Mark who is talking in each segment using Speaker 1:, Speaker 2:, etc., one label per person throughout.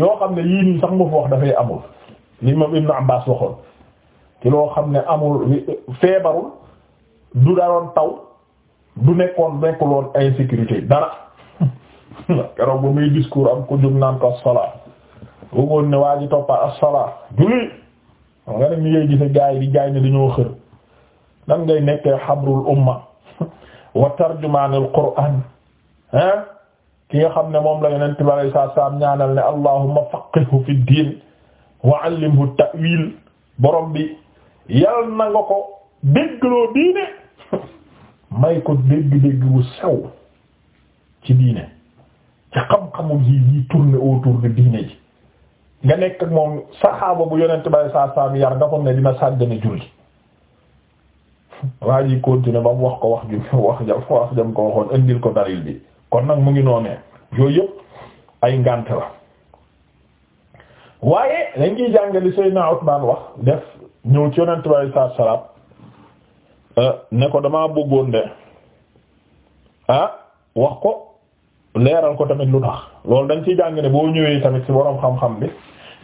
Speaker 1: yoo xam ne yii nii sax nga fa wax dafay amul li moom Ibn Abbas waxoon ci loo xam ne amul feebarul du daroon taw du nekkoon nekkuloon insécurité dara keroog ba muy discours am ko jóg naan ko as-salaa bëggoon ne waa ji toppa as julli nga ne mi ngay gise gaay di gaay ne dañoo xër nan ngay nekkee xabrul umma wa tarjumaanul qur'aan ah ki nga xam ne moom la yonent bi alayhi salaam ñaanal ne allahumma faqihhu fi diin wa allimhu ta'wil borom bi yal na nga ko déggloo diine may ko dégg-dégg bu sew ci diine ci xam-xamum yi yi tourner autour diine ji nga nekk ak moom saxaaba bu yonent bi alayhi salaam yar nga xam ne dina sàggane julli waa ji continuer ba wax ko wax ju wax jam wax jam ko waxoon indil ko dalil bi kon nag mu ngi noonee yooy yëpp ay ngànte la waaye dañ ciy jàngali Seydina Usmaan wax def ñëw ci yonent bi sallallahu alayhi euh, ne ko dama bëggoon de ah wax ko leeral ko tamit lu tax loolu dañ ciy jàng ne boo ñëwee tamit ci boroom xam-xam bi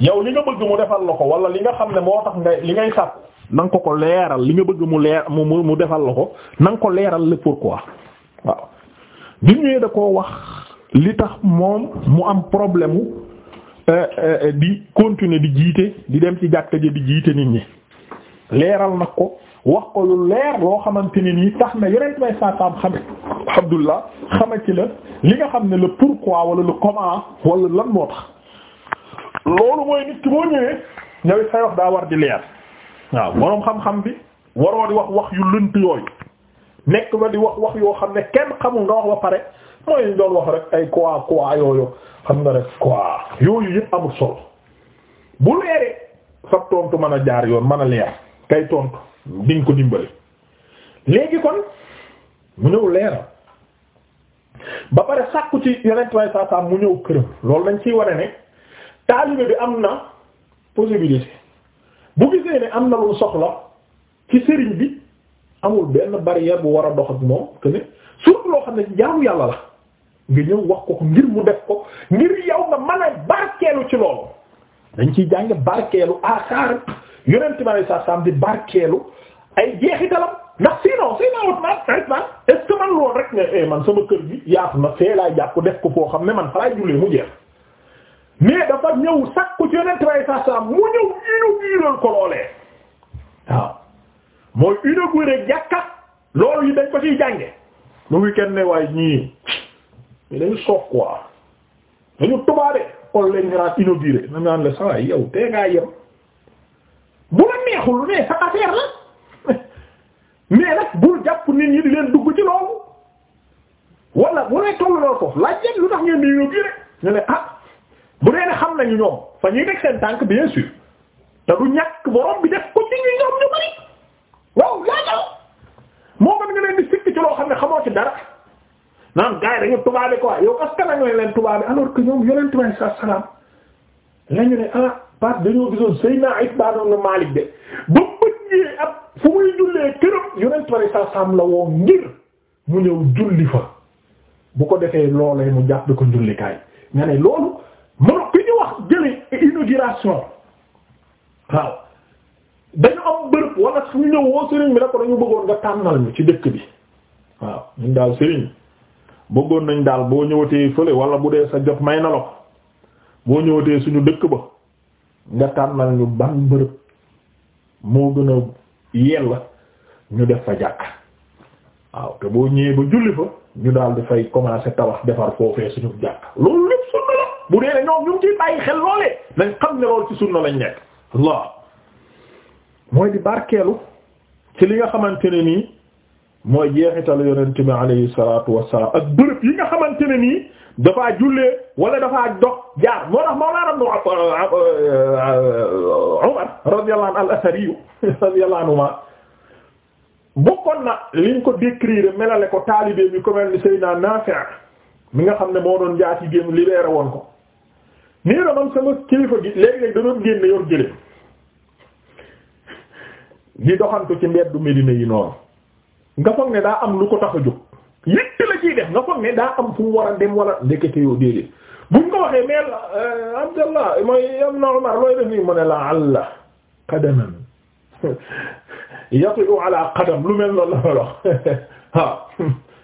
Speaker 1: yow li nga bëgg mu defal la ko wala li nga xam ne moo tax ngay li ngay sàpp na ko ko leeral li nga bëgg mu leer mu mu defal la ko nang ko leeral le pourquoi waaw bi ñëwee da koo wax li tax moom mu am problème euh, euh, euh, di continuer di jiite di dem ci jàkka ji di jiite nit ñi leeral nag ko wax ko lu leer loo xamante ne nii tax na yeneen may saasaam xame Abdullah xama ci la li nga xam ne le pourquoi wala lu comment wala lan moo tax loolu mooy nit ki boo ñëwee ñawi say wax daa war di leer waaw boroom xam-xam bi waroo di wax wax yu lënt yooyu nekk ba di wax wax yoo xam ne kenn xamul nga wax ba pare mooy ñu doon wax rek ay quoi quoi yooyu xam nga rek quoi yooyu yëpp amul solo bu leeree sa tontu mën a jaar yoon mën a leer kay tontu diñ ko dimbali léegi kon mu ñëw leeral ba pare sàkku ci yeneen way saa saa mu ñëw këram loolu dañ ciy ware ne taalibe bi am na possibilité bu gisee ne am na lu soxla ci sëriñ bi amul benn barrière bu war a dox ak moom que ne surtout loo xam ne jaamu yàlla la nga ñëw wax ko ngir mu def ko ngir yow nga mën a barkeelu ci loolu dañ ciy jàng barkeelu asaar yonent bi alayhi salaam di barkeelu ay jeexitalam ndax sinon sinon wut naa rek naa est eh, man sama kër gi yaatu na fee laa jàpp def ko foo xam ne man fa laay jullee mu jeex mais dafa ñëw sakku ci yonent bi alayhi salaam mu ñëw inaugurer ko loolee waaw mooy inaugurer jàkka loolu yi dañ ko ciy jànge mu ngi kenn ne waaye ñii. ñu dañu soog quoi dañu tubaabe xool leen naan inauguré na naan la saa yow tee ngaa yem bu la neexul ne sa affaire la mais nag bul jàpp nit ñi di leen dugg ci loolu wala bu lay tollu loolu foofu laaj leen lu tax ngeen di inauguré ñu ne ah bu dee ne xam nañu ñoom fa ñuy teg seen tànk bien sûr te du ñàkk borom bi def ko ci ñu ñoom ñu bari waaw laajal moo mën nga leen di sikk ci loo xam ne xamoo ci dara. naan gars yi dañu tubaabe quoi yow parce que nañu leen tubaabe alors que ñoom yonent bi salaam lañu ne ah parce que dañoo gisoon Seydina Itbaan ibn Maalik de ba bëggee ab fu muy jullee këram yonent bi salaam la woo ngir mu ñëw julli fa bu ko defee loolee mu jàpp ko jullikaay nga ne loolu mën ki ñu wax jëlee inauguration waaw dañu am bërëb wala suñu ñëw woo Serigne bi ne ko dañu bëggoon nga tànnal ñu ci dëkk bi waaw ñun daal Serigne. bëggoon nañ daal boo ñëwatee fële wala bu dee sa jot may na la ko boo ñëwatee suñu dëkk ba nga tànnal ñu ban bërëb moo gën a yell ñu def fa jàkk waaw te boo ñëwee ba julli fa ñu daal di fay commencer tawax defar foofee suñu jàkk loolu lépp sunna la bu dee ne ñoom xam ne lool lañ nekk Allah mooy di barkeelu ci li nga xamante ne nii mooy jeexital yonent bi alayhi salaatu wassalaam ak bërëb yi nga xamante ne nii dafaa jullee wala dafaa dox jaar moo tax Mawlana euh, Umar radiyallahu anhu al-Athari radiyallahu anhuma bokkoon na liñ ko décrire melale ko taalibe bi ko mel ni Seydina Naafi' mi nga xam ne moo doon jaati génn libéré woon ko nii na man sama kilifa gi léeg-léeg da doon génn yor jëlee di doxantu ci mbeddu Medina yi noonu nga foog ne daa am lu ko tax a jóg yitte la ciy def nga foog ne daa am fu mu war a dem wala ndekete buñ ko waxee mais euh, Abdallah mooy am na looy def nii mu ne la allah qadaman yati'u ala qadam lu mel noonu la wax waaw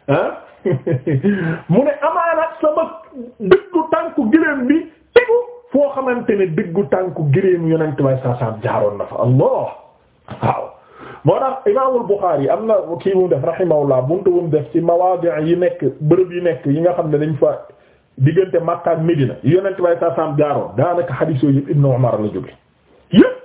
Speaker 1: ah. ah. mu ne amaana sama dëggu tànku gëléem bi tegu foo xamante ne dëggu tànku gëléem yonent bay saa saa jaaroon na fa allah waaw moo tax imaamul Buxaari am na kii mu def rahimahullah buntu bu mu def ci mawaadi' yi nekk bërëb yi nekk yi nga xam ne dañ fa diggante Makka ak Medina yonent bay sa sam jaaroon daanaka xadiis yooyu yëpp Ibnu Umar la jóge yëpp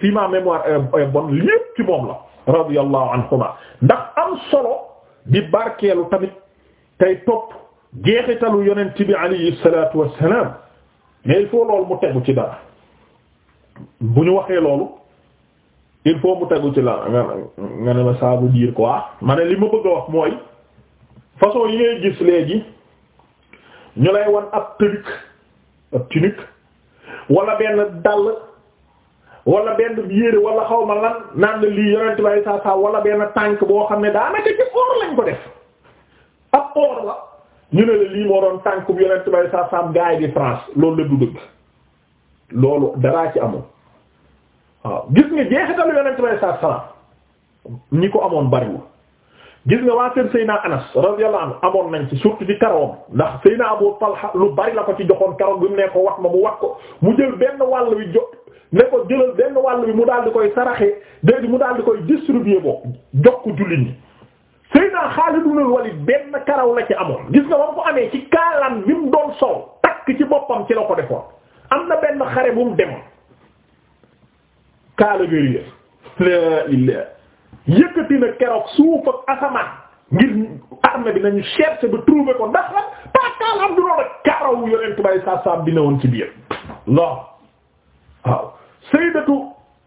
Speaker 1: si ma mémoire est bonne yëpp ci moom la radiyallahu anhuma ndax am solo di barkeelu tamit tey topp jeexitalu yonent bi alayhi salatu wassalam mais il faut loolu mu tegu ci dara bu ñu waxee loolu lii faut mu tegu ci la nga nga ne ma ça veut dire quoi ma ne li ma bëgg a wax mooy façon yi ngay gis léegi ñu lay wan ab tunique ab tunique wala benn dàll wala benn yére wala xawma ma lan la lii yonent bay saa saa wala benn tànk boo xam ne daanaka ci or lañ ko def ab or la ñu ne la lii moo doon tànk bu yonent bay saa saa gaay di France loolu la du dëgg loolu daraa ci amul. waaw gis nga jeexitalu yonent bay saa salaam ñi ko amoon bariwul gis nga waa kër Seyna Anas radiyallahu anhu amoon nañ ci surtout ci karoom ndax Seyna Abu Talha lu bari la ko ci joxoon karoom bi mu nee ko wax ma mu wax ko mu jël benn wàll wi jo ne ko jëlal benn wàll wi mu dal di koy saraxee déedéet mu daal di koy distribuer boo jox ko jullit ñi. Seyna Xaalid ibn Walid benn karaw la ci amoon gis nga war ko amee ci kaalaan bi mu doon sow takk ci boppam ci la ko defoon am na benn xare bu mu kaala ga réer la illah yëkkati na keroog suuf ak asamaan ngir armée bi nañu ba ko ndax la pas kaalam du loolu kaaraw yonent bi ne woon ci biir lool waaw sayyidatu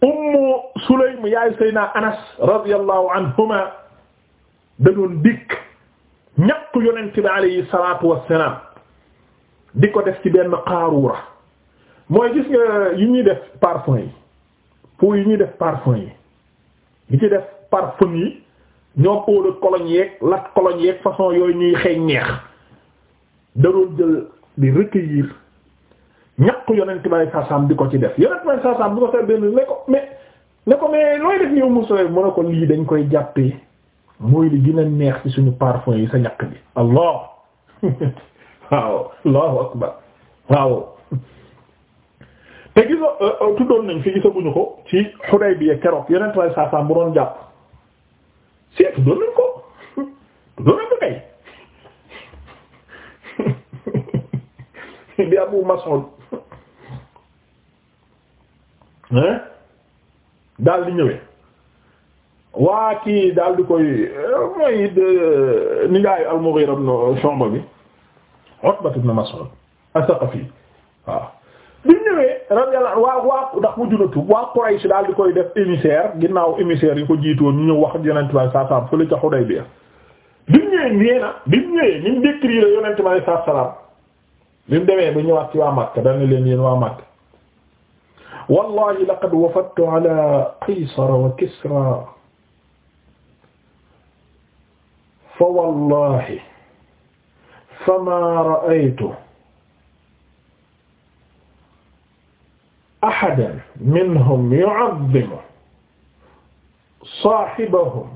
Speaker 1: ummu sulaym yaay sayyidina anas radiyallahu anhuma da doon dikk ñaq yonent bi alayhi salaatu wassalaam di ko def ci benn qaaruura mooy gis nga yi ñuy def parfum yi pot yi ñuy def parfum yi ñi ci def parfum yi ñoom eau de cologne yeeg lat cologne yeeg façon yooyu ñuy xeeñ neex da doon jël di recueillir ñaq yonent bay sasam di ko ci def yonent bay sasam di ko sa benn ne ko looy def yow mosowe mu ne ko lii dañ koy jàppee mooy li gi a neex ci suñu parfum yi sa ñaq bi allah waaw allahu akbar waaw te gisa euh, euh, tuddoon nañ fi gisaguñu ko ci Hudaybiya keroog yeneen way saasaam bu doon jàpp si tuddoon nañ ko tuddoon nañ ko kay bi Abu Mas'ud daal di ñëwee waa kii daal di koy euh, mooy ni ngaayu al-Mughira ibn Shu'ba bi Utba ibn Mas'ud saqafi waaw bi ñëwee radiyallahu waa waa ndax mu juna tub waa Quraysh daal di koy def émissaire ginnaaw émissaire yi ko jiitoon ñu ñëw wax yonente ma saa salaam fële ca Hudaybiya bi mu ñëwee nee na bi mu ñëwee ñu décrire yonente ma saa salaam bi mu demee ba ñëwaat ci waa Makka dana leen yéen waa Makka wallahi laqad wafadtu ala Qaysar wa Kisra fa wallahi fama ra'aytu ahadan minhum yu'azzimu saahibahum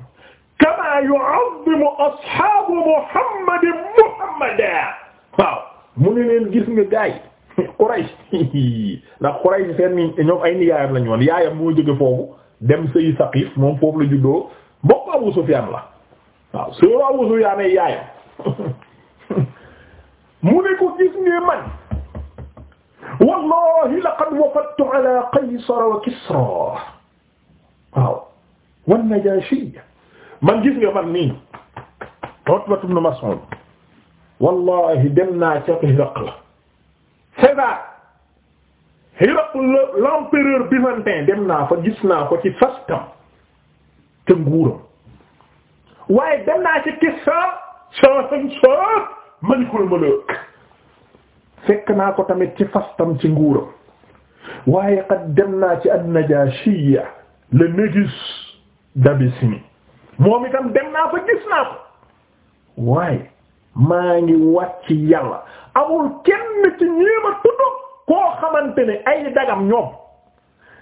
Speaker 1: kamaa yu'azzimu ashaabu Muhammadin Muhammadan waaw mu ne leen gis nga gaay Quraysh ndax Quraysh seen ñoom ay nijaayam lañu woon yaayam moo jóge foofu dem sëy Saqiif moom foofu la juddoo mbokk Abu Sufyaan la waaw soo Abu Sufyaan ay yaayam mu ne ko gis nga man wallahi laqad wafadtu ala qaysar wa kisra waaw wan najashi man gis nga man nii Utba ibn Mas'ud wallahi dem naa ca Hiraqla César Hiraqla l'empereur byzantin dem naa fa gis naa ko ci fastam te nguuram waaye dem naa ci Kisra sansam sa Malikul Muluk fekk naa ko tamit ci fastam ci nguuram waaye qad dem naa ci an-Najaashiyya le Négus d'Abyssinie moom itam dem naa fa gis naa ko waaye maa ngi wàcc yàlla amul kenn ci ñéema tudd koo xamante ne ay dagam ñoom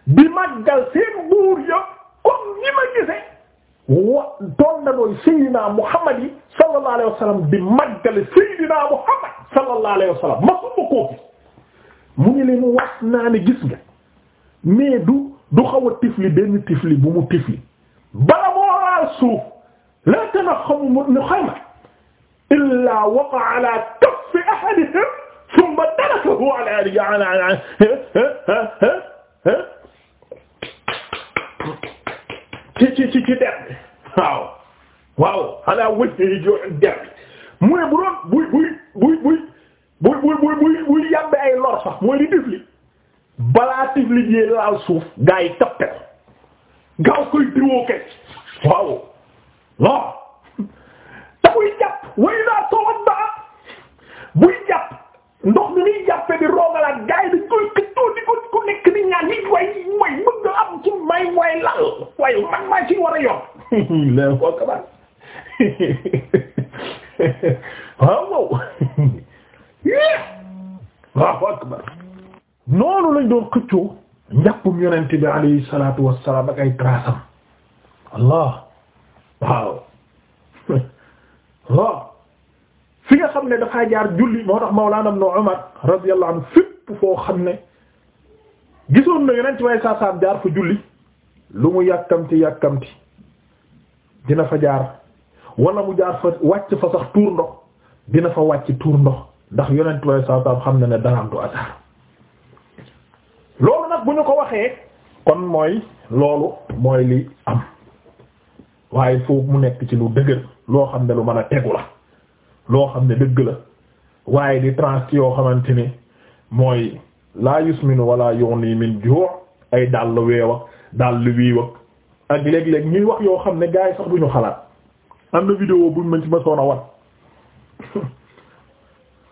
Speaker 1: bi màggal seen buur ya comme ñi ma gise wa doon na doon Seydina Muhammad yi sallallahu alayhi wa sallam di màggale Seydina Muhammad sallallahu alayhi wa sallam masuma koo gis mu ngi leen wax naa ne gis nga mais du du xaw a tifli benn tifli bu mu tifli bala moo laal suuf la tanaxxamu munxama illaa waqa'a alaa kaffi ahadihim thumma tarakahu ala ci ci ci ci der bi waaw waaw ala wëcce yi jo der bi bu doon buy buy buy buy buy buy buy buy buy yàmbe ay lor sax mooy li tifli balaa tifli jie suuf gaa yi tappe ko buy jàpp buy jàpp ndox mi muy jàppe di roogalaat la yi di koy këccoo di ko di ko nekk di ñaan nit way way mën nga am ci may way lal way man maa ci war a yor leen ko kabar waaw waaw waaw akbar noonu trasam allah waaw waaw fi nga xam ne dafaa jaar julli moo tax Mawlana Ibn Umar radiyallahu anhu fépp foo xam ne gisoon na yonent way saa saam jaar fa julli lu mu yàkkamti yàkkamti dina fa jaar wala mu jaar fa wàcc fa sax tuur ndox dina fa wàcc tuur ndox ndax yonent way saa xam na ne daraam du loolu nag bu ñu ko waxee kon mooy loolu mooy li am waaye foofu mu nekk ci lu dëgër loo xam ne lu mën a tegu la loo xam ne dëgg la waaye di transe yoo xamante ni mooy laa yusminu wala yughni min ju' ay dàll weewa dàll wiiwa ak léeg-léeg ñuy wax yoo xam ne gars yi sax duñu xalaat am na vidéo buñ mën ci ma soon a wat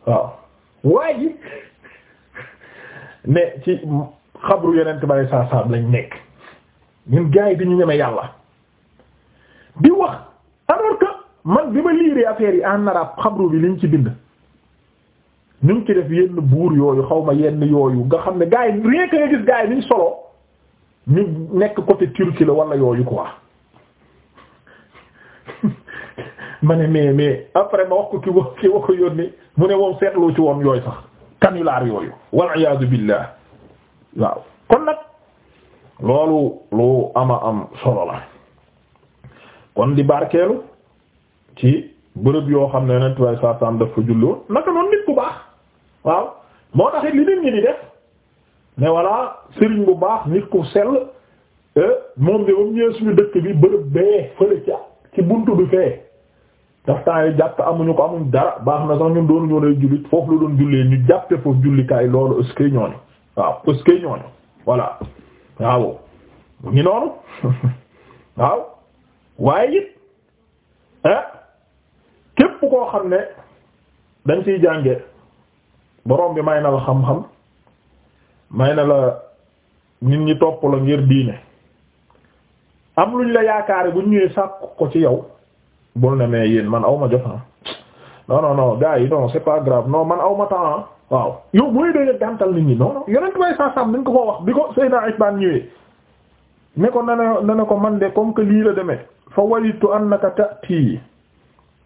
Speaker 1: waaw waaye ji ne ci xabru yenent bari saa lañ nekk ñun gars yi di ñu ñeme yàlla di wax man bi ma liiree affaire yi en xabru bi liñ ci bind ñu ngi ci def yenn buur yooyu xaw ma yenn yooyu nga xam ne gaay yi nga gis gars yi solo ñu nekk côté Turquie la wala yooyu quoi ma ne mais mais après ma wax ko ki wa ki wa ko yónni mu ne moom seetlu ci woon yooyu sax canular yooyu wal iyaadu billah waaw kon nag loolu lu ama am solo la kon di barkeelu ci bërëb yoo xam ne yonent way saasaam daf fa julloo naka noonu nit bu baax waaw moo tax li nit ñi di def mais voilà sëriñ bu baax nit ku sell eh, moom de ba mu ñëwee suñu dëkk bi bërëb bee fële ca ci buntu bi fee daf yi jàpp amuñu ko amuñ dara baax na sax ñun doonu ñoo lay jullit foofu la doon jullee ñu jàppe foofu jullikaay loolu est-ce que ñooñu waaw est-ce que ñooñu voilà waaw ñu noonu waaw waaye it ah képp koo xam ne dañ ciy jànge borom bi may na la xam-xam may na la nit ñi topp la ngir diine am luñ la yaakaare buñ ñëwee sàkk ko ci yow bul ne mais yéen man awma jot ah. non non non gars yi non c'est pas grave non man awma temps ah. waaw yow mooy dee gàntal nit ñi non non yonent saa saam dañ ko ko wax bi ko Seydina Itbaan ñëwee ne ko na ne ne ko man de comme que lii la demee fa walitu annaka ta'ti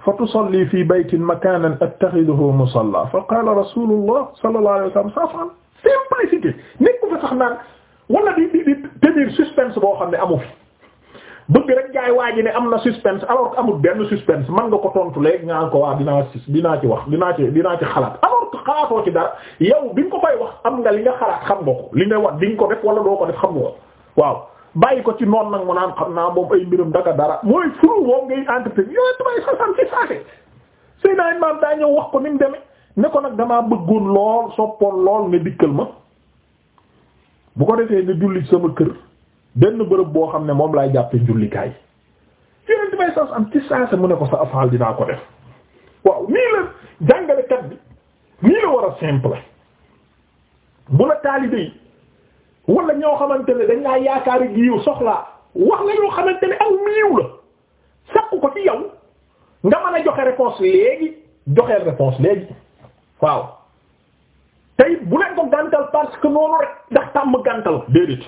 Speaker 1: fa tusalli fi baytin makanan attaxiduhu musalla fa qala rasulullah sallallahu alayhi wa sallam safan simplicité nekku fi sax naan wala di di di tenir suspense boo xam ne amu fi bëgg rek jaay waa ji ne am na suspense alors amu amul benn suspense man nga ko tontu léegi nga ko waa dinaa dinaa ci wax dinaa ci dinaa ci xalaat alors que xalaatoo ci dara yow bi nga ko koy wax am nga li nga xalaat xam nga ko li nga wax di nga ko def wala doo ko def xam nga ko waaw bàyyi ko ci noonu nag mu naan xam naa moom ay mbiram daka dara mooy furu moom ngay entretenir yooyu damay sasam ci saase sëy naa daa ñëw wax ko ni mu demee ne ko nag damaa bëggoon lool soppoon lool nga dikkal ma bu ko defee nga julli sama kër benn bërëb boo xam ne moom laay jàppee jullikaay yéen damay sas am ci saase mu ne ko sa afaal dinaa ko def waaw nii la jàngalekat bi nii la war a simple bu la taalibe wala ñoo xamante ne dañ yaakaari giiw soxlaa wax la ñoo aw miiw la sakku ko ci yow nga mën a joxe réponse léegi joxeel réponse léegi waaw tey bu leen ko gàntal parce que noonu rek ndax tàmm gàntal déedéet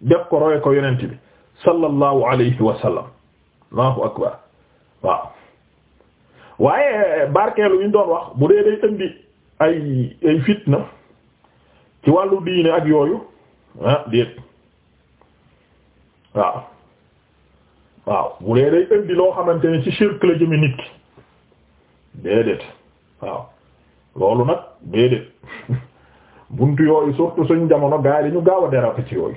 Speaker 1: def ko roye ko yonent bi sallallahu alayhi wa sallam allahu akbar waaw waaye barkeelu ñu doon wax bu dee day indi ay fitna ci wàllu diine ak yooyu ah déet waaw waaw bu dee day indi loo xamante ne ci shirk la jëme nit ki déedéet waaw loolu nag déedéet buntu yooyu surtout suñ jamono gaay dañu gaaw a dérapé ci yooyu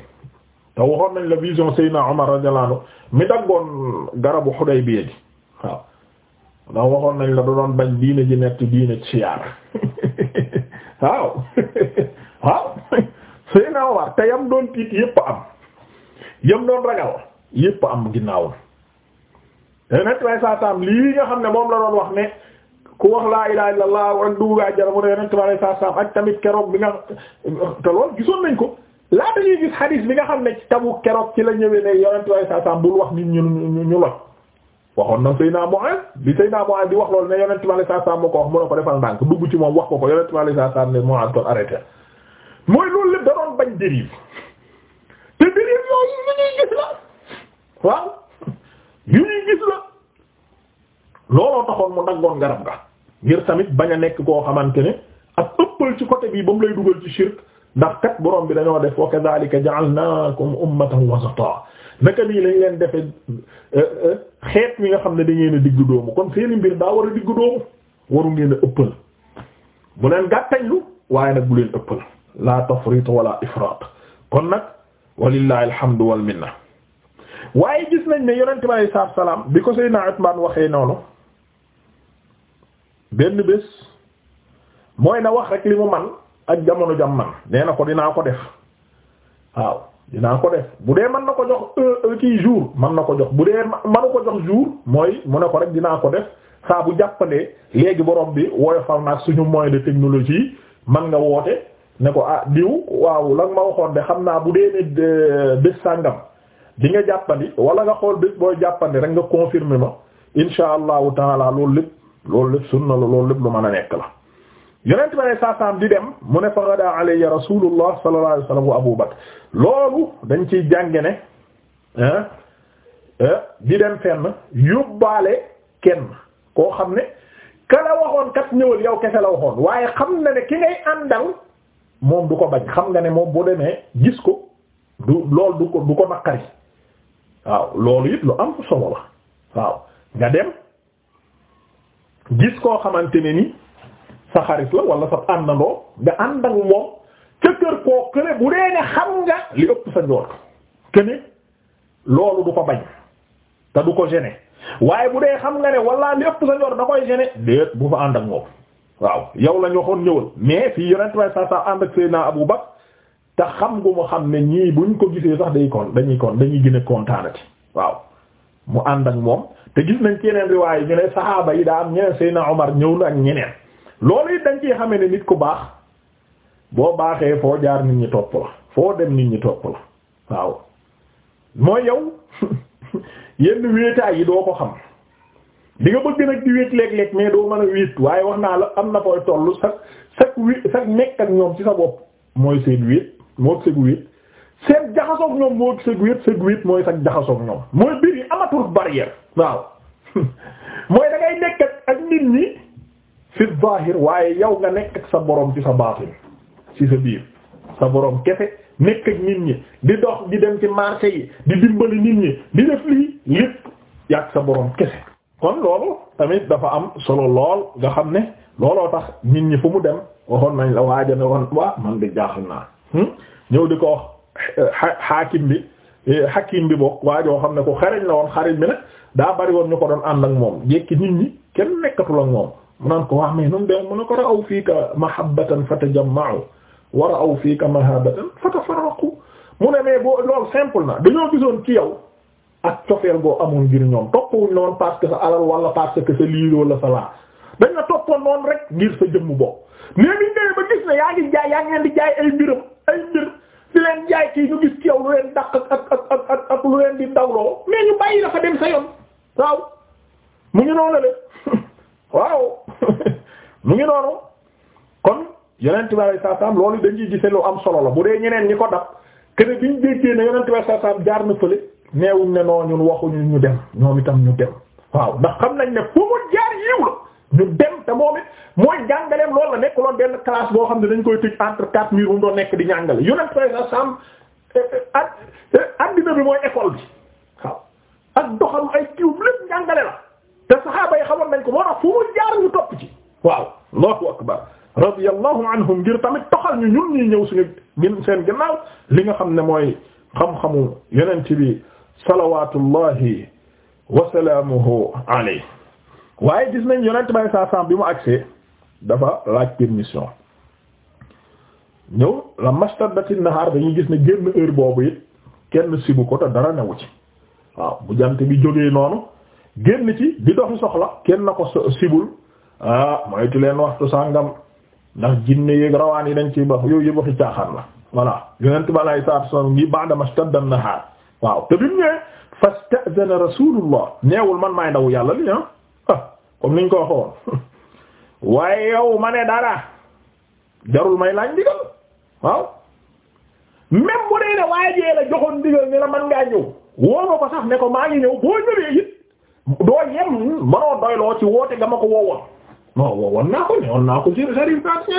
Speaker 1: te waxoon nañ la vision Seydina Omar radiyallahu anhu mi daggoon garabu Hudaybiya bi waaw ndax waxoon nañ la da doon bañ diine ji nekk diine ci yaar waaw Seydina Omar te yam doon tiit yépp am yam doon ragal yépp am ginnaaw te nekk lay saasaam lii nga xam ne moom la doon wax ne ku wax laa ilaaha illallaah ak dugg gaa jara mu ne nekk lay saasaam ak tamit keroog bi nga te lool gisoon nañ ko laata ñuy gis xadiis bi xam ne ci tabu keroog ci la ñëwee ne yonent way saasaam bul wax nit ñu ñu loj waxoon na Seydina Mu'aaz bi Seydina Mu'aaz di wax loolu ne yonent way saasaam moo ko wax mu ne ko defal ndànk dugg ci moom wax ko ko yonent way saasaam ne Mu'aaz doon arrêté mooy loolu lépp da doon bañ dérive te dérive yooyu yu ñuy gis la waaw yu ñuy gis la looloo taxoon mu daggoon garab ga ngir tamit bañ a nekk koo xamante ne ak ëppal ci côté bii ba mu lay dugal ci shirk ndax kat borom bi dañoo def wa kadhalika ja'alnakum ummatan wasata naka nii lañ leen defe euh, euh, xeet wi nga xam ne da ngeen a diggu doomu kon seeni mbir daa war a diggu doomu waru ngeen a ëppal bu leen gàttañlu waaye nag bu leen ëppal la tafrit wala ifrat kon nag walillahi alhamdu wal minna waaye gis nañ ne yonent bi alayhi salaatu salaam bi ko Seydina Usmaan waxee noonu benn bés mooy na wax rek li mu man ak jamono jam man nee na ko dinaa ko def waaw dinaa ko def bu dee mën na ko jox kii jour mën na ko jox bu dee mënu ko jox jour mooy mu ne ko rek dinaa ko def saa bu jàppandee léegi borom bi woyofal na ak suñu moyen de technologie mën nga woote ne ko ah diw waaw lan ma waxoon de xam naa bu dee ne bés sàngam di nga jàppandi wala nga xool bés booy jàppandi rek nga confirmer ma insha allahu taala loolu lépp loolu lépp sunna la loolu lépp lu mën a nekk la yonent ba ne saasaam di dem mu ne fa ghadaa alayya rasulullah sallallahu alayhi wasallam wa abu bakr loolu dañ ciy jànge ne di dem fenn yóbbaale kenn koo xam ne ka la waxoon kat ñëwal yow kese la waxoon waaye xam na ne ki ngay àndal moom du ko bañ xam nga ne moom boo demee gis ko du loolu du ko du ko naqari waaw loolu it lu am solo la waaw nga dem gis koo xamante ne ni sa xarit la wala sa àndandoo nga ànd ak moom ca kër koo kële bu dee ne xam nga li ëpp sa njoot këne loolu du ko bañ te du ko gêner waaye bu dee xam nga ne wala li ëpp sa njoot da koy gêner déet bu fa ànd moom waaw yow lañu waxoon ñëwal mais fii yonent way sa sa ànd ak Seydina Abu Bakr te xam ngu mu xam ne ñii buñ ko gisee sax day kon dañuy kon dañuy gën a kontaanati waaw mu ànd ak moom te gis nañ ci yeneen riwaay yi ñu ne saxaaba yi daa am ñeneen Seydina Omar ñëw na ak ñeneen loolu it dañ ciy xamee ne nit ku baax boo baaxee foo jaar nit ñi topp la foo dem nit ñi topp la waaw mooy yow yenn wéetaay yi doo ko xam di nga bëgg nag di wéet léeg-léeg mais doo mën a wéet waaye wax naa la am na koy tollu sax sax wéet sax nekk ak ñoom ci sa bopp mooy seen wéet moo seen wéet seen jaxasoog ñoom moo seen wéet mooy sax jaxasoog ñoom mooy biir yi amatul barrière waaw mooy da nekk ak nit ñi fi zahir waaye yow nga nekk ak sa borom ci sa baatin ci sa biir sa borom kese nekk ak nit ñi di dox di dem ci marché yi di dimbali nit ñi di def lii lépp yàgg sa boroom kese. kon loolu tamit dafa am solo lool nga xam ne looloo tax nit ñi fu mu dem waxoon nañ la waaja ne woon waa man de jaaxal naa hmm? ñëw di ko wax xaakim bi eh, xakim bi boog waajoo xam ne ko xariñ la woon xariñ bi nag daa bari woon ñu ko doon ànd ak moom jekki nit ñi kenn nekkatul ak moom mu naan ko wax mais nun de mu ne ko ra'aw fiika mahabbatan aw fii ka fiika mahabbatan fatafarraqu mu ne mais boo loolu simple na dañoo gisoon ci yow ak cofeel boo amul ngir ñoom toppuñ noonu parce que sa alal wala parce que sa lii wala sa laa dañ la toppoon noonu rek ngir sa jëmm bopp mais biñ demee ba gis ne yaa ngi jaay yaa ngi leen di jaay ay mbiram ay mbir di leen jaay kii ñu gis ci yow lu leen dàq ak ak ak lu leen di dawloo mais ñu bàyyi la dem sa yoon waaw mu ngi noonu le waaw mu ngi noonu kon yonent bi sallallahu alayhi wasallam loolu dañ ciy gise lu am solo la bu dee ñeneen ñi ko dab que ne biñ déggee ne yonent neewuñ ne noo ñun waxuñu ñu dem ñoom itam ñu dem waaw ndax xam nañ ne fu jaar yiw ñu dem te moom it mooy jàngaleem loolu la nekk loolu benn classe boo xam ne dañ koy tëj entre quatre murs mu doon nekk di jàngale yonent par exemple sam addina bi mooy école bi waaw ak doxalu ay kiiwum lépp jàngale la te saxaaba yi xamoon nañ ko moo tax fu mu jaar ñu topp ci waaw allahu akbar radiyallahu anhum ngir tamit toxal ñu ñun ñu ñëw suñu gin seen ginnaaw li nga xam ne mooy xam-xamu yonent bi salawaatullahi wa salaamuhu alayhi waaye gis nañ yonent bay saa saam bi mu agsee dafa laaj permission ñëw la mastadati nahaar dañuy gis ne génn heure boobu yi kenn sibu ko te dara new ci waaw bu jant bi jógee noonu génn ci di doxi soxla kenn na ko sibul ah moytu leen waxtu sàngam ndax jinne yéeg rawaan yi dañ ci bax yooyu yëpp waxi caaxaan la voilà yonent ba lay saa saam ngi ba'da mastadda nahaar waaw te bi mu ñëwee fasta'zana rasulullah neewul man maay ndaw yàlla li ah, ah comme niñ ko waxoon waaye yow ma ne dara jarul may laaj ndigal waaw même bu dee ne waaye jee la joxoon ndigal ne la man ngaa ñëw woo ko sax ne ko maa ngi ñëw boo ñëwee it doo yem mënoo doyloo ci woote ga ma ko woowoon non woowoon naa ko ne woon naa ko ci jarif naa ci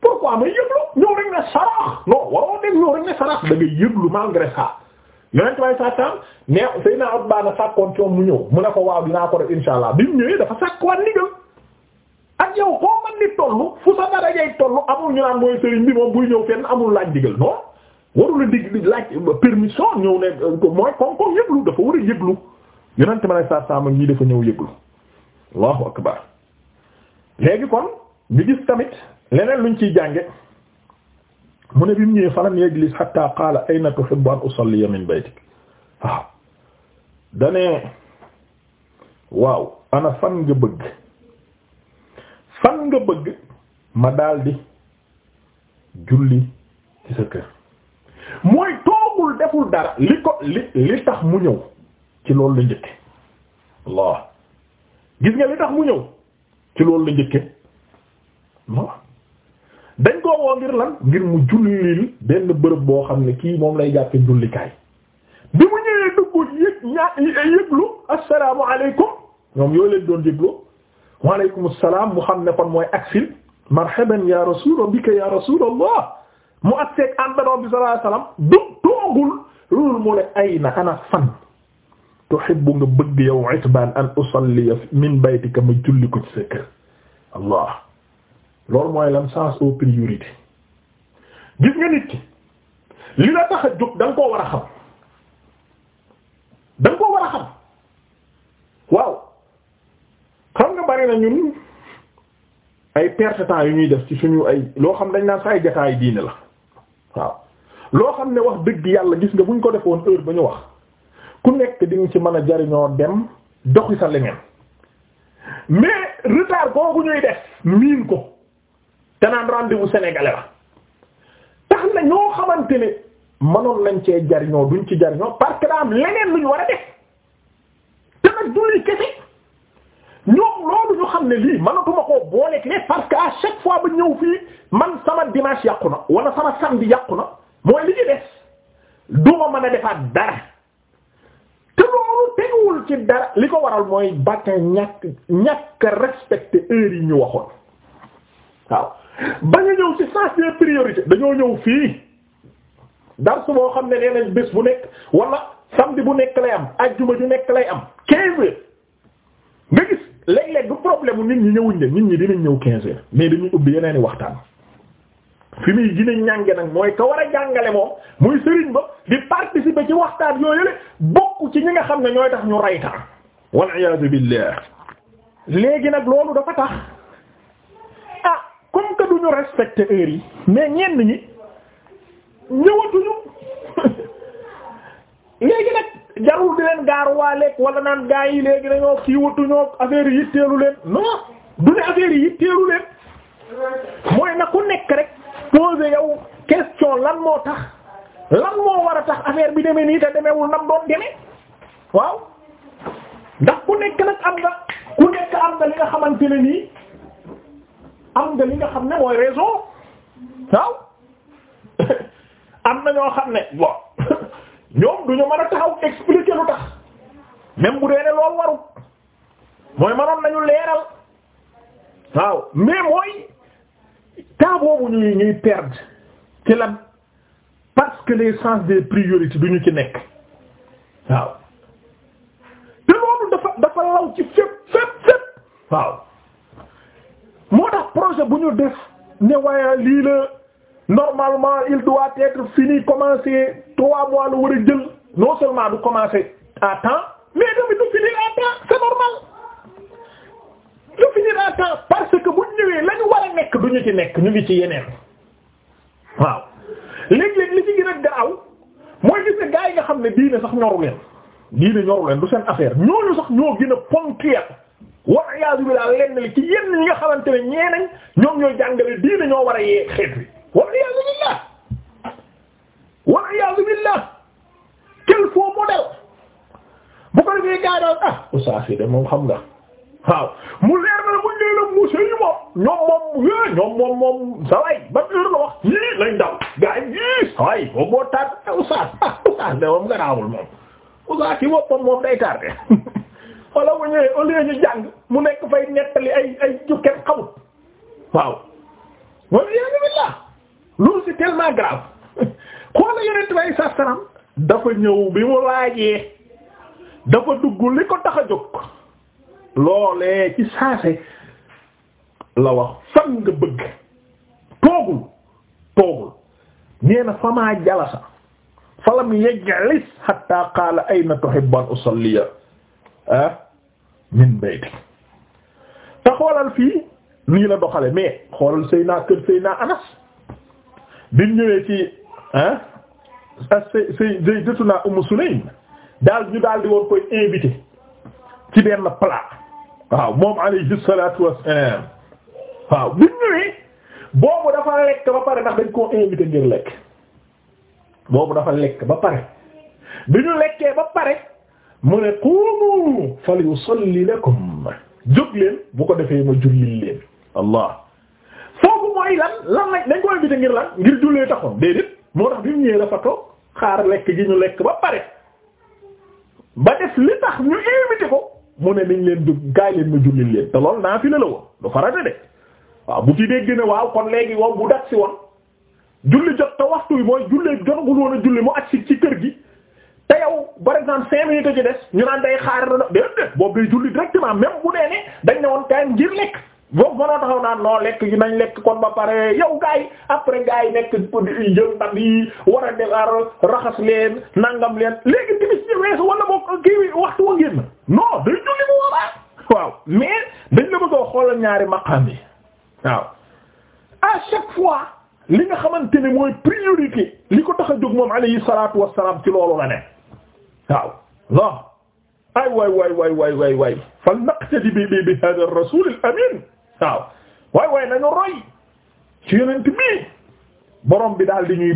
Speaker 1: pourquoi may yëglu ñëw rek ne sarax non waroo dégg ñëw rek ne sarax da ngay yëglu malgré ça yonent way sàkkaam mais sëy naa ot baana sàkkoon coom mu ñëw mu ne ko waaw dinaa ko def insha allah bi mu ñëwee dafa sàkkoon ndigal ak yow koo man ni toll fu sa darajay toll amul ñu naan mooy sëriñ bi moom buy ñëw fenn amul laaj ndigal non warula dig laaj permission ñëw ne mooy kon kon yëglu dafa war a yëglu yonent ma ne sàkkaam ñii dafa ñëw yëglu allahu akbar léegi kon ñu gis tamit leneen luñ ciy jànge mu ne bi mu ñëwee falam yajlis hatta ayna tuhibbu an usalliya min baytik waaw nga bëgg fan nga bëgg ma daldi julli ci sa kër mooy toogul deful dara li ko li li tax mu ñëw ci loolu la njëkke Allah gis nga li tax mu ñëw ci loolu njëkke dañ ko woo ngir lan ngir mu jullil benn bërëb boo xam ne kii moom lay jàppe jullikaay bi mu ñëwee dugg yëg ñaa yëglu assalaamu alaykum ñoom yooyu leen doon yëglu waaleykum mu xam ne mooy agsil marhaban ya rasul bika ya rasulallah mu agseeg àndadoo bi sallallahu du toogul loolu mu la ay ana fan tuhibbu nga bëgg yow itbaan an usalli min baytika ma julli ko ci loolu mooy lan sens aux priorités gis nga nit ki li la tax a jóg da koo war a xam da koo war a xam waaw xam nga bari na ñun ay perte temps yu ñuy def ci suñu ay loo xam dañ naan sa ay jataayu diine la waaw loo xam ne wax dëgg yàlla gis nga buñ ko defoon heure ba ñu wax ku nekk di ci man a jariñoo dem doxi sa leneen mais retard googu ñuy def miin ko. te naan rendez-vous la tax na ñoo xamante ne mënoon lañ cee jariñoo duñ ci jariñoo parce que daa am leneen lu ñu war a def te nag julli kese ñoom loolu ñu xam ne lii mënatuma koo booleeg ne parce que à chaque fois ba ñëw fii man sama dimanche yàqu na wala sama samedi yàqu na mooy li ci des duma mën a defaat dara te loolu teguwul ci dara li ko waral mooy bàkka ñàkk ñàkk respecté heure yi ñu waxoon ba nga ñëw ci sens des priorités dañoo ñëw fii dars boo xam ne nee nañ bés bu nekk wala samedi bu nekk lay am ajjuma ju nekk lay am 15 heures nga gis léeg-léeg du problème nit ñi ñëwuñ de nit ñi dinañ ñëw 15 mais dañu ubbi yeneen i waxtaan. fi muy gën a nag mooy ka war a jàngale moom muy sëriñ ba di participer ci waxtaan yooyu la bokk ci ñi nga xam ne ñooy tax ñu raytaan. wal iyaadu billah léegi nag loolu dafa tax. comme que duñu respecté heure yi mais ñenn ñi ñëwatuñu léegi nag jarul di leen gaar waa wala naan gaa yi léegi dañoo kii watuñoo affaire yi yitteelu leen non du ne affaire yi yitteelu leen mooy na ku nekk rek poser yow question lan moo tax lan moo war a tax affaire bi demee nii te demewul nam doon demee waaw ndax ku nekk nag am nga ku nekk am nga li nga xamante ne nii am nga li nga xam ne mooy raison na ñoo xam ne bon ñoom du ñu mën a taxaw expliquer lu tax même bu dee ne loolu waru mooy mënoon nañu leeral waaw mais mooy temps boobu ñuy ñuy perdre ci lan parce que les sens des priorités du ñu ci nekk waaw te loolu dafa dafa law ci fépp fépp fépp waaw. projet bu ñu def ne waaye lii la normalement il doit être fini commencé trois mois la war a jël non seulement du commencer à temps mais tamit du finir à c'est normal du finir à parce que bu ñëwee la war a nekk du ñu ci nekk ñu ngi ci yeneen waaw léeg-léeg li ci gën a gaaw mooy gis ne gaa nga xam ne diine sax ñoru leen diine ñoru leen du seen affaire ñooñu sax ñoo gën a ponctuel wal iyaazu billaah lenn li ci yenn ñi nga xamante ne ñeenañ ñoom ñooy jàngale diine ñoo war a yee xeet bi wal iyaazu billaah wal iyaazu billaah quel faux modèle bu ko defee gaa doon ah oustaz yi de moom xam nga waaw mu leer na mu ñëw la monsieur yi moom ñoom moom yee eh, ñoom moom moom saway ba heure la wax yii lañ daw gaa yi yii saway boobu moo tardé oustaz ah oustaz de moom nga raawul moom oustaz yi boppam moom day tardé wala bu ñëwee au lieu ñu jàng mu nekk fay nettali ay ay jukket xamut waaw wala yaa ngi billah loolu c'est tellement grave xoola yonent bay sa saram dafa ñëw bi mu laajee dafa dugg li ko tax a jóg loolee ci saase la wax fan nga bëgg toogul toogul nee na famaa jalasa falam yajlis hatta qaala ayna tuhibbu an usalliya Ah, min baytik te xoolal fii nii la doxale mais xoolal Seyna kër Seyna Anas bi mu ñëwee ci ah say say sayyidatuna Umm Sulaym daal ñu daal di woon koy invité ci benn plat waaw moom alayhi waaw bi ñëwee boobu dafa lekk ba pare ndax dañ koo invité ngir lekk boobu dafa lekk ba pare bi ñu lekkee ba pare. mu ne qumu fal yusalli lakum jóg leen bu ko defee ma jullil leen allah foofu mooy lan lan lañ dañ ko invité ngir lan ngir jullee taxoon déedéet moo tax bi mu ñëwee dafa toog xaar lekk gi ñu lekk ba pare ba def li tax ñu invité ko mu ne nañ leen jóg gaay leen ma jullil leen te lool naa fi la la woon du farata de waaw bu ci gën ne waaw kon léegi wow bu dat si woon julli jot te waxtu wi mooy jullee jotagul woon a mu agsi ci kër gi te yow par exemple cinq minutes a ci des ñu naan day xaar déedéet boobu day julli directement même bu dee dañ ne woon kaay ngir lekk boobu mënoo taxaw naan noo lekk gi nañ lekk kon ba pare yow gars yi après gars yi nekk jël ndam yi war a defar raxas leen nangam leen léegi timis ci weesu wala kii waxtu wa génn non day julli bu boobaa waaw mais dañ la bëgg xoolal ñaari maqaam yi waaw à chaque fois li nga xamante ni mooy priorité li ko tax a jóg moom alayhi salaatu wassalaam ci loolu la waaw non ay waay waay waay waay waay waay fal naqtadi bi bi hada ar-rasul al-amin waaw waay waay nañu roy ci yonent bi borom bi daal di ñuy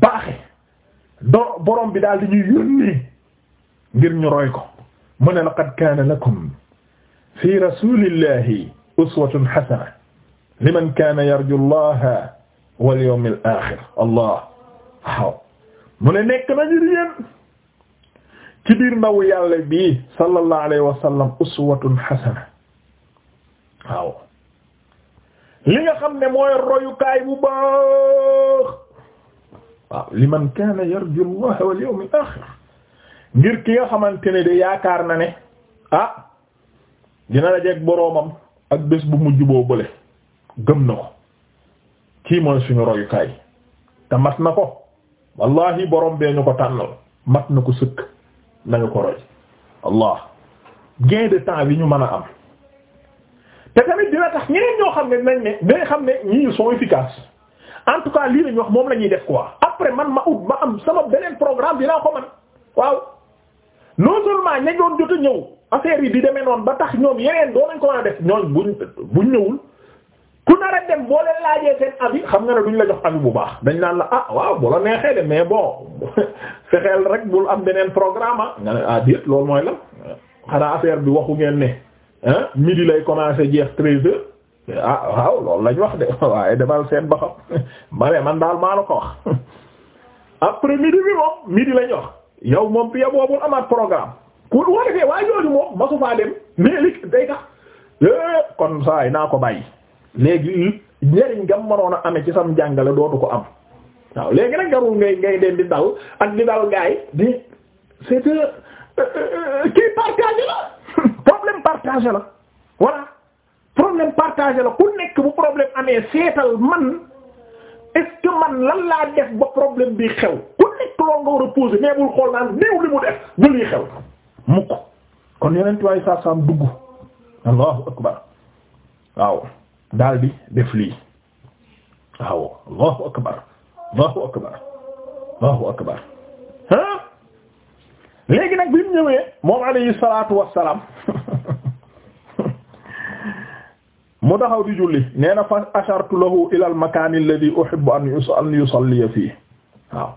Speaker 1: baaxe do borom bi daal di ñuy yónni ngir ñu roy ko mu ne laqad kaana lakum fi rasulillahi uswatun hasana liman kaana yarju allaha wal yawmil axir allah waaw mu ne nekk nañu yéen ci biir ndaw yàlla bi sallallahu alayhi wa sallam uswatun hasana waaw li nga xam ne mooy royukaay bu baax waaw liman kaana yarju Allah wal yawmil aaxir ngir ki nga xamante ne de yaakaar na ne ah dina la jeg boroomam ak bés bu mujj boo bële gëm na ko kii mooy suñu royukaay te mat na ko wallahi boroom bee ñu ko tànnal mat na ko sëkk nañu ko roy allah gain de temps bi ñu mën a am te tamit dina tax ñeneen ñoo xam ne nañ ne dinañ xam ne ñii sont efficaces en tout cas lii lañu wax moom la ñuy def quoi après man ma ut ma am sama beneen programme dinaa ko man waaw non seulement ña doon jot ñëw affaire yi di demee noon ba tax ñoom yeneen doo nañ ko mën a def ñooñ bu ñu ñëwul ku nar a dem boo leen laajee seen avis xam nga ne duñ la jox avis bu baax dañ naan la ah waaw bu la neexee de mais bon fexeel rek bul am beneen programme ah nga ne ah déet mooy la xanaa affaire bi waxu ngeen ne ah midi lay commencer jeex treize heures ah waaw loolu lañ wax de waaye demal seen ba xam ma ne man daal maa la ko wax après midi bi moom midi lañ wax yow moom bi yaboo amaat programme ku woo defee waaye yooyu moom masu faa dem eh, naa ko bàyyi. léegi njëriñ gam mënoon a amee ci sam jàngale dootu ko am waaw léegi nag garul ngay ngay den di dal ak di dal gaay di c'est que euh, kii partagé la problème partagé la voilà problème partagé la ku nekk bu problème amee seetal man est man lan laa def ba problème bi xew ku nekk loo nga reposer mais bul xool naan néew li mu def du luy xew mukk kon yeneen tuwaay saa saam dugg allahu akbar waaw daal di def lii waaw allahu akbar allahu akbar ah léegi nag bi mu ñëwee moom alayhi salaatu wassalaam mu taxaw di julli nee na fa ashartu lahu ila al makaan alladhi uhibbu an yusalli fii waaw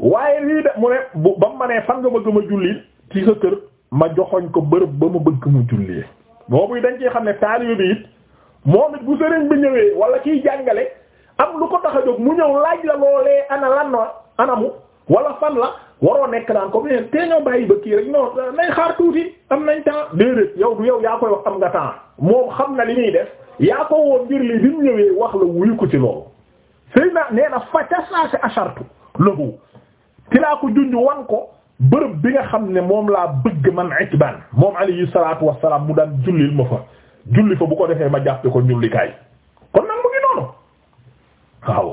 Speaker 1: waaye lii de mu ne bu ba mu ma nee nga bëgg ma julli ci kër ma joxoñ ko bërëb ba ma bëgg mu jullee boobu dañ ci xam ne taalibe bi it moom it bu sëriñ bi ñëwee wala kiy jàngale am lu ko tax a jóg mu ñëw laaj la loolee ana lan na anamu wala fan la waroo nekk naan ko mais tey nga bàyyi ba kii rek non nay xaar tuuti am nañ temps déedéet yow du yow yaa koy wax am nga temps moom xam na li ñuy def yaa ko woon ngir lii bi mu ñëwee wax la wuyu ko ci loolu. sëy na nee na fa ca saa si achartu lëbu ci ko junj wan ko bërëb bi nga xam ne moom laa bëgg man itbaan moom alayhi salaatu wassalaam mu daan jullil ma julli fa bu ko defee ba jàppe ko jullikaay kon nag mu ngi noonu waaw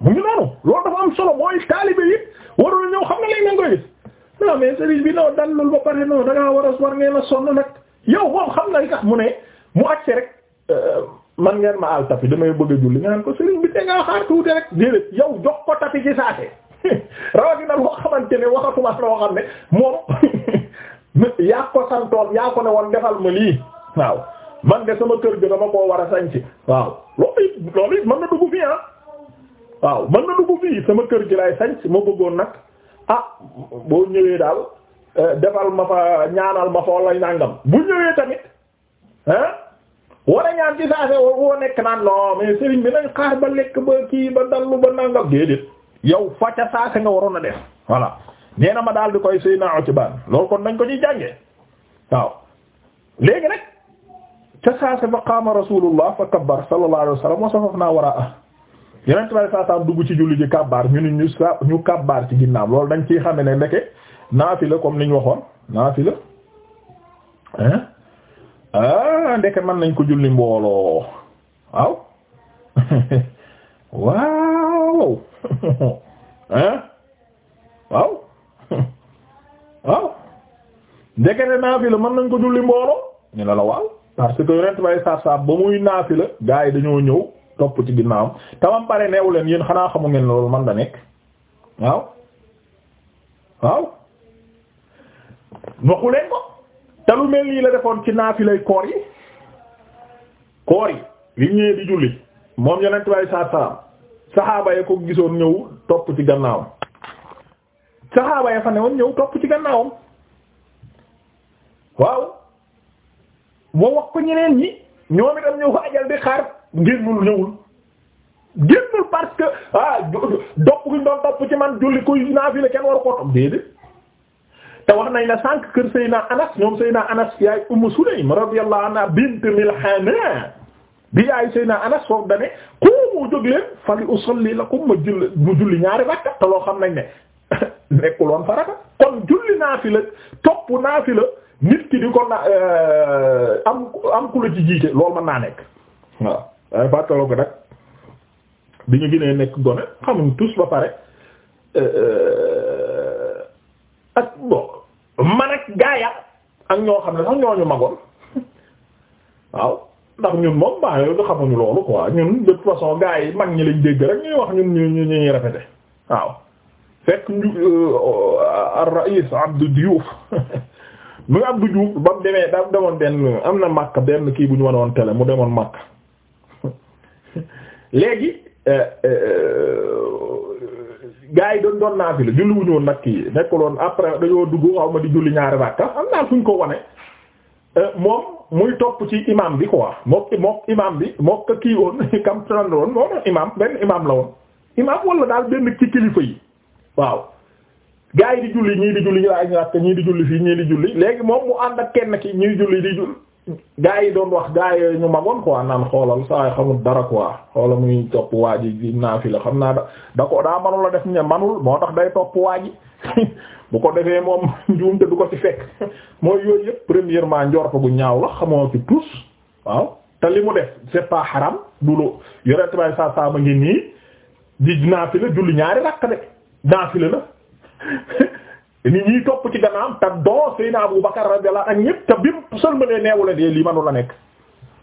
Speaker 1: mu ngi noonu loolu dafa am solo mooy taalibe yi warul ñëw xam nga léegi nañ koy gis non mais sëriñ bi non dalul ba pare non da ngaa war a war ngeen a sonn nag yow moom xam nga li mu ne mu àcc rek euh, man ngeen ma al damay bëgg a julli nga naan ko sëriñ bi te ngaa xaar tuuti rek déedéet yow jox ko tapi ci saate rawatina loo xamante ne waxatuma loo xam ne moom yaa ko santoon yaa ma lii waaw. man de sama kër gi dama koo war a sañsi waaw loolu it loolu it mën na dugg fii ah waaw mën na dugg fii sama kër gi lay sañc ma bëggoon nag ah boo ñëwee daal eh, defal ma fa ñaanal ma fa wala nangam bu ñëwee tamit ah war a ñaan ci saase woo nekk naan non mais sëriñ bi nañ xaar ba lekk ba kii ba dallu ba nangam déedéet yow fa ca saase nga waroon a def voilà nee ma daal di koy sëy naa ci baan kon dañ ko ci jàngee waaw léegi rek. ca saase fa qaama rasulullah fa kabbar sallallahu alayhi wa sallam wa safafna waraa'a yeneen tubaab saa saa dugg ci julli ji kabbar ñu ni ñu sa ñu kabbar ci ginnaaw loolu dañ ciy xame ne ndeke naafila comme ni ñu waxoon naafila hein ah ndeke mën nañ ko julli mbooloo waaw waaw hein waaw waaw ndeke naafila mën nañ ko julli mbooloo ñu ne la waaw. parce que yonent bay sarsam ba muy naafi la gars yi dañoo ñëw topp ci ginnaawam tamam pare neew leen yéen xanaa xamu ngeen loolu man da nekk waaw waaw waxu ko te mel nii la defoon ci naafilay koor yi koor yi li ñëwee di julli moom yonent bay sarsam saxaaba yi ko gisoon ñëw topp ci gannaawam saxaaba yi fa ne woon ñëw topp ci gannaawam waaw wa wax ko ñeneen ñi ñoom itam ñu waajal di xaar génnul ñëwul génnul parce que ah dopp guñ doon topp ci man julli kuy naafile kenn waru koo topp déedéet te wax nañ la sànq kër Seydina Anas ñoom Seydina Anas yaay Umm Sulaym radiyallahu anha bint Milhan bi yaay Seydina Anas foofu dane qumu jóg leen fa li usalli lakum ma julli mu julli ñaari rakka te loo xam nañ ne nekkuloon farata kon julli naafila topp naafila nit ki di ko euh, am ku la ci jiite loolu mën naa nekk waaw waaye euh, fàttaloo ko nag bi ñu gënee nekk gone xamuñ tous ba pare euh, ak bon man ak gaaya ak ñoo xam ne sax ñooñu magoon waaw ndax ñun moom baax yooyu xamuñu loolu quoi ñun de toute façon gars yi mag ñi lañ dégg rek ñuy wax ñun ñu ñu ñuy rafete waaw fekk ñu ar-Rais Diouf mu ngi Abdou Diouf ba mu demee da demoon benn am na Makka benn kii bu ñu woon télé mu demoon Makka léegi euh, euh, gars yi doon doon naa julli la ñu woon nag kii nekkuloon après dañoo dugg xaw ma di julli ñaari rakka am naa fu ñu ko wane euh, moom muy topp ci imam bi quoi mook mook imam bi mook ka kii woon kam tànn woon moo doon benn imam la woon imam wala daal benn ci kilifa yi waaw gaa yi di julli ñii di julli ñu ñu laaj ñii di julli fii ñii di julli léegi moom mu ànd ak kenn ki ñuy julli di julli gaa yi doon wax gaa yooyu ñu magoon quoi naan xoolal saa yi xamul dara quoi xoolal muy topp waa ji di naafila xam naa da da ko daa manul a def ne manul moo tax day topp waa ji ko defee moom njuumte du ko ci fekk mooy yooyu yëpp premièrement bu ñaaw la xamoo ci tous waaw te li mu def set pas haram du lu yore tamit saa saa ma ngi nii di naafila julli ñaari rakk de naafila la. nit ñi topp ci gannaam te don Seydina Abu Bakar radiyallahu ak ñëpp te bim sëlmalee neewu la dee eh, lii manu la nekk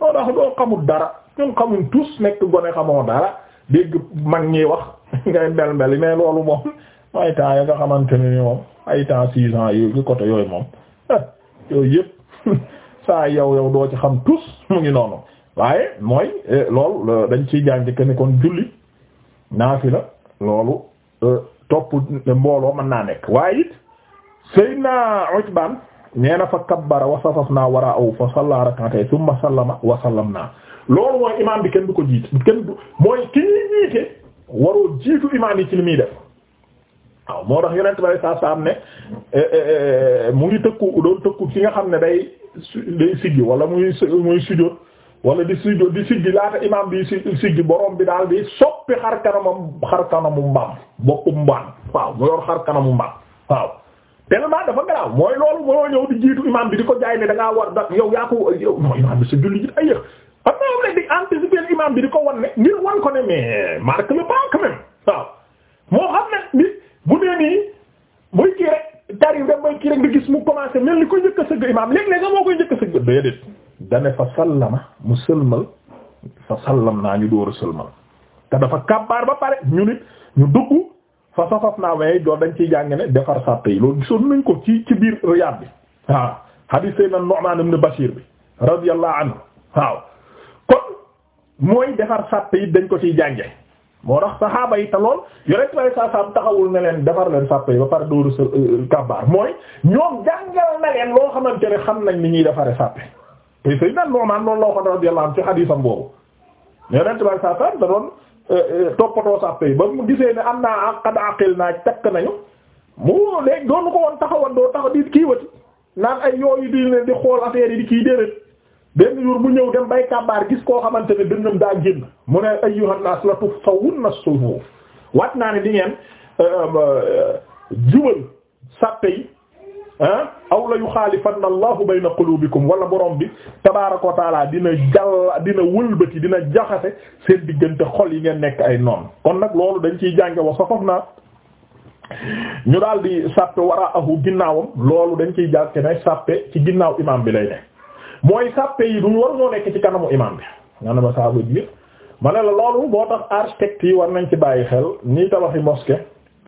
Speaker 1: moo tax doo xamul dara ñun xamuñ tous nekk gone xamoo dara dégg mag ñi wax ngay mel mel mais loolu moom ay temps ya nga xamante ne ni moom ay temps six yooyu côté yooyu moom eh, yooyu yëpp saa yow yow doo ci xam tous mu ngi noonu waaye mooy eh, loolu dañ ci jàng que ni kon julli naafila loolu topp mbooloo mën naa nekk waaye it Seydina Utbaan nee na fa kabbara wa safafnaa wara'ahu fa salla rak'atayn thumma sallama wa sallamnaa loolu mooy imaam bi kenn du ko jiit kenn du mooy ki ñuy jiitu imaam yi ci li muy def moo tax yonent bi saa saa am ne eh, eh, eh, mu ngi tëkku doon tëkku ci nga xam ne day day siggi wala muy muy sujjóot wala di siggo di siggi laata imam bi siggi borom bi daal di soppi xar kanamam xar kanamu mbaam bokku mbaam waaw mu yor xar kanamu mbaam waaw tellement dafa garaaw mooy loolu moo ñëw di jiitu imam bi di ko jaay ne da ngaa war da yow yaa ko yow mooy imam bi sa julli ji ay yëx xam nga yow di anticiper imam bi di ko wan ne ngir wan ko ne mais marque le pas quand waaw moo xam ne ni bu nee nii muy kii rek tari dem bay kii rek nga gis mu commencé mel ni ko dane fa sallama mu sëlmal fa sallam naa ñu door a sëlmal te dafa kabbaar ba pare ñu nit ñu dugg fa safaf naa waaye doon dañ ciy jàng ne defar sàppe yi loolu gisoon nañ ko ci ci biir Riyaad bi waaw hadis say na Nu'man ibn Bashir bi radiyallahu anhu waaw kon mooy defar sàppe yi dañ ko ciy jànge moo tax saxaaba yi te lool yonent bi saa taxawul ne leen defar leen sàppe yi ba pare dóoru sa euh, kabbaar mooy ñoom jàngal na leen loo xamante ne xam nañ ni ñuy defare te Seydina Nu'man loolu la waxoon radiyallahu anhu ci xadiisam boobu yonent ba saa saa da doon euh, euh, toppatoo sàppe yi ba mu gisee ne am naa qad aqil naa takk nañu mu léegi doonu ko woon taxawan doo tax di kii wati naan ay yooyu di leen di xool affaire yi di kii déedéet benn jour mu ñëw dem bay kàbbaar gis koo xamante ne dënnam daa génn mu ne ayyuhan nas la tufsawunna sufuuf waat naa ne di ngeen euh, jubal sàppe yi ah aw la yu yuxaalifanna allahu bayna qulubikum wala borom bi tabaaraka wa taala dina jàlla dina wëlbati dina jaxase seen diggante xol yi ngeen nekk ay noon kon nag loolu dañ ciy jànge wa safof naa ñu daal di sàppe waraahu ginnaawam loolu dañ ciy jànge ne sàppe ci ginnaaw imaam bi lay ne mooy sàppe yi duñ war ñoo nekk ci kanamu imaam bi nga ne ma saa ma ne la loolu boo tax architecte yi war nañ ci bàyyi xel nii tabaxi mosquée